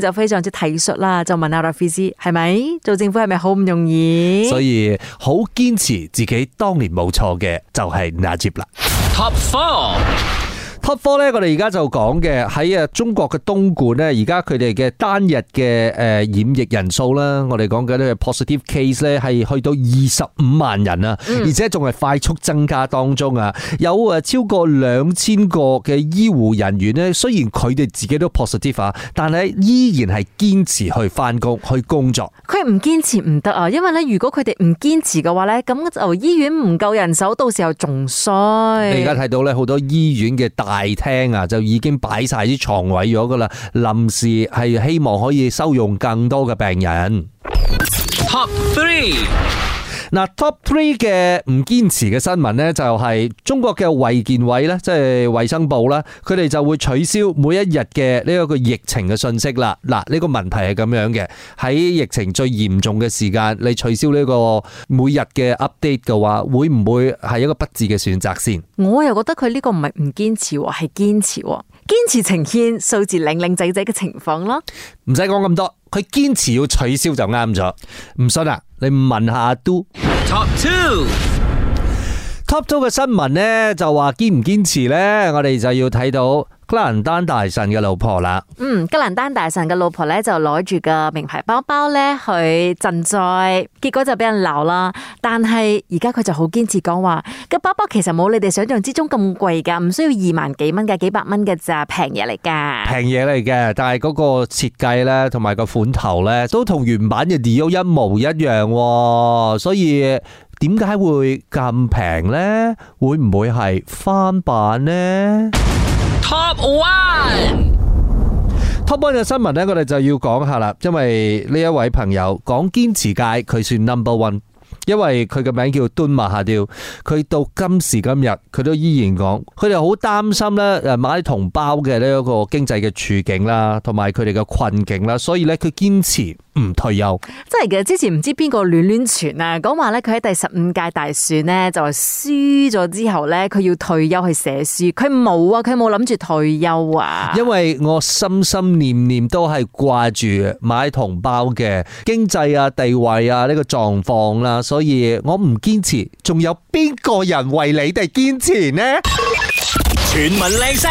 就非常之體恤啦，就問阿 Rafizi 係咪做政府係咪好唔容易？所以好堅持自己當年冇錯嘅，就係納吉。Top four。科咧，我哋而家就講嘅喺啊中國嘅東莞咧，而家佢哋嘅單日嘅誒染疫人數啦，我哋講緊咧 positive case 咧係去到二十五萬人啊，而且仲係快速增加當中啊，有誒超過兩千個嘅醫護人員咧，雖然佢哋自己都 positive 但係依然係堅持去翻工去工作。佢唔堅持唔得啊，因為咧如果佢哋唔堅持嘅話咧，咁就醫院唔夠人手，到時候仲衰。你而家睇到咧好多醫院嘅大。大廳啊，就已經擺晒啲床位咗噶啦，臨時係希望可以收容更多嘅病人。Top 3嗱，top three 嘅唔堅持嘅新聞呢，就係中國嘅衛健委咧，即係衞生部咧，佢哋就會取消每一日嘅呢一個疫情嘅信息啦。嗱，呢個問題係咁樣嘅，喺疫情最嚴重嘅時間你取消呢個每日嘅 update 嘅話，會唔會係一個不智嘅選擇先？我又覺得佢呢個唔係唔堅持，係堅持，堅持呈現數字靚靚仔仔嘅情況咯。唔使講咁多，佢堅持要取消就啱咗。唔信啊？你問下都。Top two，Top two 嘅 two 新聞呢，就話堅唔堅持呢？我哋就要睇到。吉蘭丹大臣嘅老婆啦，嗯，吉蘭丹大臣嘅老婆咧就攞住個名牌包包咧去賑災，結果就俾人鬧啦。但係而家佢就好堅持講話個包包其實冇你哋想象之中咁貴噶，唔需要二萬幾蚊噶，幾百蚊嘅咋，平嘢嚟噶，平嘢嚟嘅。但係嗰個設計咧，同埋個款頭咧，都同原版嘅 Dior 一模一樣。哦，所以點解會咁平咧？會唔會係翻版呢？Top one，Top one 嘅新聞呢，我哋就要講下啦。因為呢一位朋友講堅持界，佢算 number one，因為佢嘅名叫敦馬哈迪，佢到今時今日，佢都依然講，佢哋好擔心咧，誒，買啲同胞嘅呢一個經濟嘅處境啦，同埋佢哋嘅困境啦，所以呢，佢堅持。唔退休真係嘅，之前唔知邊個亂亂傳啊，講話咧佢喺第十五屆大選咧就係輸咗之後咧，佢要退休去寫書，佢冇啊，佢冇諗住退休啊，因為我心心念念都係掛住買同胞嘅經濟啊、地位啊呢個狀況啦，所以我唔堅持，仲有邊個人為你哋堅持呢？全民靚聲。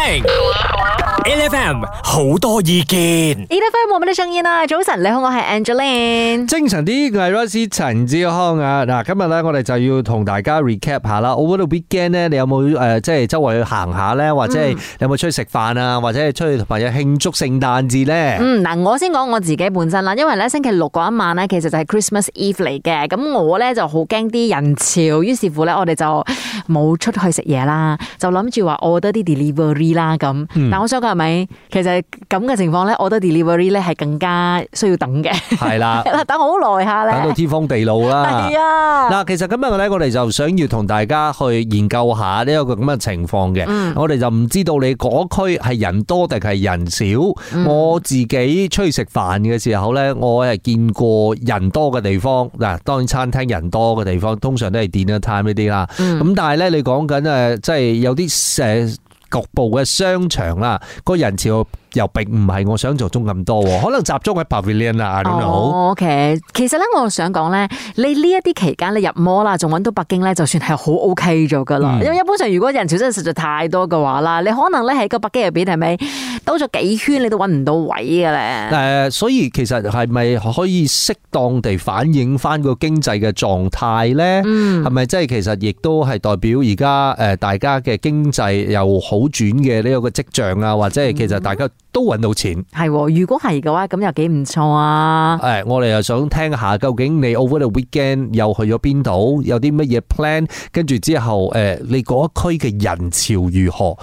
L F M 好多意見，L F M 有冇啲聲音啊？早晨，你好，我係 Angeline，精神啲，我係 Rosie 陳志康啊。嗱，今日咧我哋就要同大家 recap 下啦。我嗰度 weekend 咧，你有冇誒，即、呃、係周圍去行下咧，或者係有冇出去食飯啊，或者係出去同朋友慶祝聖誕節咧？嗯，嗱，我先講我自己本身啦，因為咧星期六嗰一晚咧，其實就係 Christmas Eve 嚟嘅。咁我咧就好驚啲人潮，於是乎咧，我哋就。冇出去食嘢啦，就諗住話 order 啲 delivery 啦咁。但係我想講係咪，其實咁嘅情況咧，order delivery 咧係更加需要等嘅。係啦，等好耐下咧，等到天荒地老啦。係啊，嗱，其實今日咧，我哋就想要同大家去研究下呢一個咁嘅情況嘅。我哋就唔知道你嗰區係人多定係人少。我自己出去食飯嘅時候咧，我係見過人多嘅地方嗱，當然餐廳人多嘅地方通常都係 dinner time 呢啲啦。咁。但係咧，你講緊誒，即係有啲誒局部嘅商場啦，個人潮又並唔係我想像中咁多，可能集中喺 Pavilion 啊，我唔知。O K，其實咧，我想講咧，你呢一啲期間你入魔啦，仲揾到北京咧，就算係好 O K 咗噶啦。嗯、因為一般上，如果人潮真係實在太多嘅話啦，你可能咧喺個北京入邊係咪？是走咗幾圈，你都揾唔到位嘅咧。誒、呃，所以其實係咪可以適當地反映翻個經濟嘅狀態呢？嗯，係咪即係其實亦都係代表而家誒大家嘅經濟有好轉嘅呢個個跡象啊？或者係其實大家都揾到錢？係、嗯，如果係嘅話，咁又幾唔錯啊！誒、呃，我哋又想聽下，究竟你 over the weekend 又去咗邊度？有啲乜嘢 plan？跟住之後，誒、呃，你嗰一區嘅人潮如何？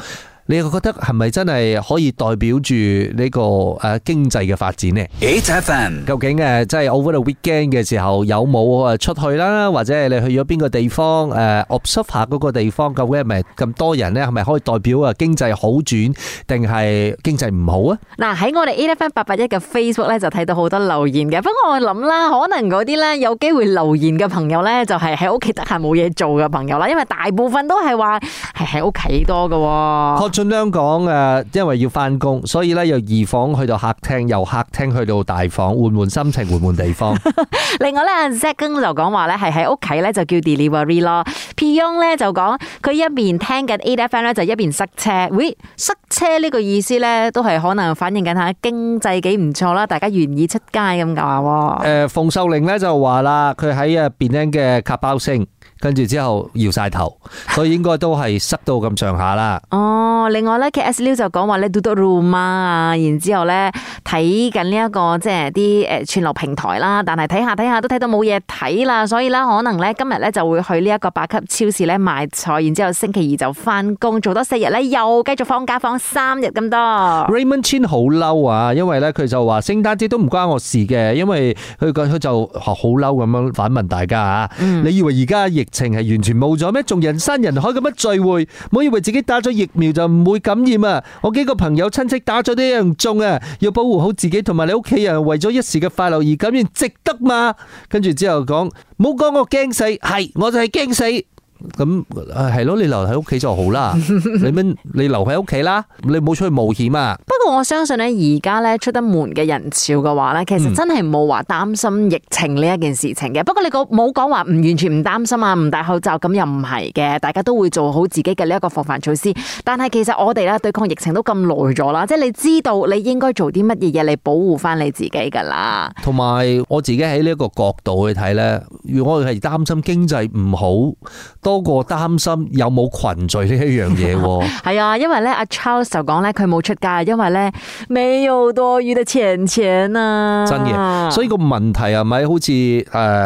你覺得係咪真係可以代表住呢個誒經濟嘅發展咧？Eight FM 究竟誒即係 over the weekend 嘅時候有冇誒出去啦？或者係你去咗邊個地方誒 observe 下嗰個地方？究竟係咪咁多人咧？係咪可以代表誒經濟好轉定係經濟唔好啊？嗱，喺我哋 Eight FM 八八一嘅 Facebook 咧就睇到好多留言嘅。不過我諗啦，可能嗰啲咧有機會留言嘅朋友咧就係喺屋企得閒冇嘢做嘅朋友啦。因為大部分都係話係喺屋企多㗎。盡香講誒，因為要翻工，所以咧由二房去到客廳，由客廳去到大房，換換心情，換換地方。 另外咧，Zack 就講話咧，係喺屋企咧就叫 delivery 咯。Pion 咧就講佢一邊聽緊 A. F. M 咧，就一邊塞車。喂、哎，塞車呢個意思咧，都係可能反映緊下經濟幾唔錯啦，大家願意出街咁噶喎。誒、呃，馮秀玲咧就話啦，佢喺入邊嘅卡包聲。跟住之後搖晒頭，所以應該都係濕到咁上下啦。 哦，另外呢 k s i 就講話咧 do the room 啊，然之後呢，睇緊呢一個即係啲誒串流平台啦，但係睇下睇下都睇到冇嘢睇啦，所以呢，可能呢，今日呢就會去呢一個百級超市呢買菜，然之後星期二就翻工，做多四日呢，又繼續放假放三日咁多。Raymond Chan 好嬲啊，因為呢，佢就話聖誕節都唔關我事嘅，因為佢佢就話好嬲咁樣反問大家啊，嗯、你以為而家情係完全冇咗咩？仲人山人海咁樣聚會，唔好以為自己打咗疫苗就唔會感染啊！我幾個朋友親戚打咗呢樣種啊，要保護好自己同埋你屋企人，為咗一時嘅快樂而感染，值得嘛？跟住之後講，唔好講我驚死，係我就係驚死。咁係咯，你留喺屋企就好啦。你咪你留喺屋企啦，你唔好出去冒險啊。不過我相信咧，而家咧出得門嘅人潮嘅話咧，其實真係冇話擔心疫情呢一件事情嘅。不過你講冇講話唔完全唔擔心啊，唔戴口罩咁又唔係嘅，大家都會做好自己嘅呢一個防範措施。但係其實我哋咧對抗疫情都咁耐咗啦，即係你知道你應該做啲乜嘢嘢嚟保護翻你自己噶啦。同埋我自己喺呢一個角度去睇咧，如果我哋係擔心經濟唔好。多過擔心有冇群聚呢一樣嘢喎，係啊， 因為咧阿 Charles 就講咧佢冇出街，因為咧未有多餘嘅錢錢啊，真嘅。所以個問題係咪好似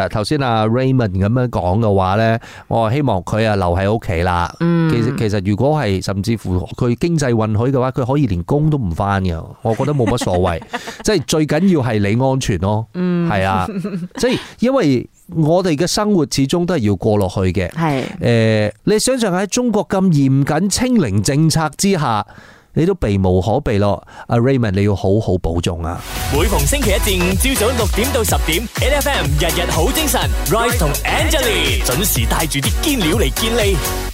誒頭先阿 Raymond 咁樣講嘅話咧，我希望佢啊留喺屋企啦。嗯、其實其實如果係甚至乎佢經濟允許嘅話，佢可以連工都唔返嘅，我覺得冇乜所謂。 即係最緊要係你安全咯，係啊、嗯，即係因為。我哋嘅生活始終都係要過落去嘅。係，誒、呃，你想象喺中國咁嚴謹清零政策之下，你都避無可避咯。阿 Raymond，你要好好保重啊。每逢星期一至五朝早六點到十點，NFM 日日好精神，Rice 同 Angelie 準時帶住啲堅料嚟見你。